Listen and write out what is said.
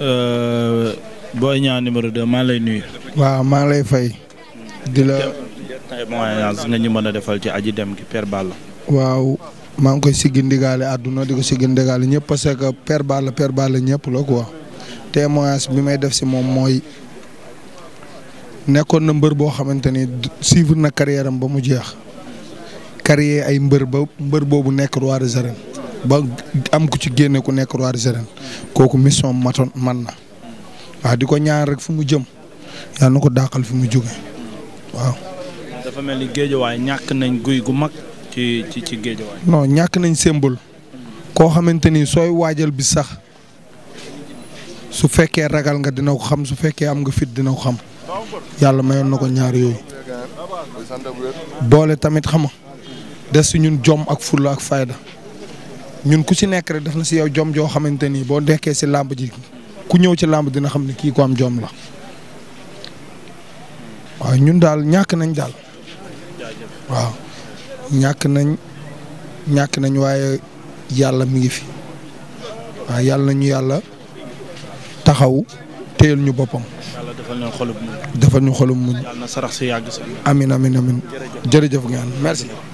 Euh, booy Niang numéro de maa lay nuy waaw maa lay fay. di la tey moyens nga ñu mën a defal ci aji dem gi Père Balla. waaw maa ngi koy siggi ndigaale àdduna di ko siggi ndigaale ñëpp parce que Père Balla Père Balla ñëpp la te témoignage bi may def si moom mooy nekkoon na mbër boo xamante ni suivre na carrière ba mu jeex carrière ay mbër ba mbër boobu nekk roi des ba am ku ci génne ku nekk roi des kooku mission mato man na waaw di ko ñaan rek fu mu jëm yàlla na ko dàqal fi mu jóge waaw. dafa mel ni ñàkk nañ guy gu mag ci ci ci géejawaay. ñàkk nañ symbole. koo xamante ni sooy waajal bi sax su fekkee ragal nga dina ko xam su fekkee am nga fit dina ko xam yàlla mayoon na ko ñaar yooyu boole tamit xama des si ñun jom ak fulla ak fayda. ñun ku ci nekk rek def na si yow jom joo xamante ni boo nekkee si làmb ji ku ñëw ci làmb dina xam ne kii ko am jom la waaw ñun daal ñàkk nañ daal waaw ñàkk nañ ñàkk nañ waaye yàlla mi ngi fi waaw yàlla ñu yàlla taxaw téyel ñu boppam. yàlla defal ñu xolum muñ. defal ñu xolum muñ. na sarax si yàgg si. amiin amiin amiin. jërëjëf jërëjëf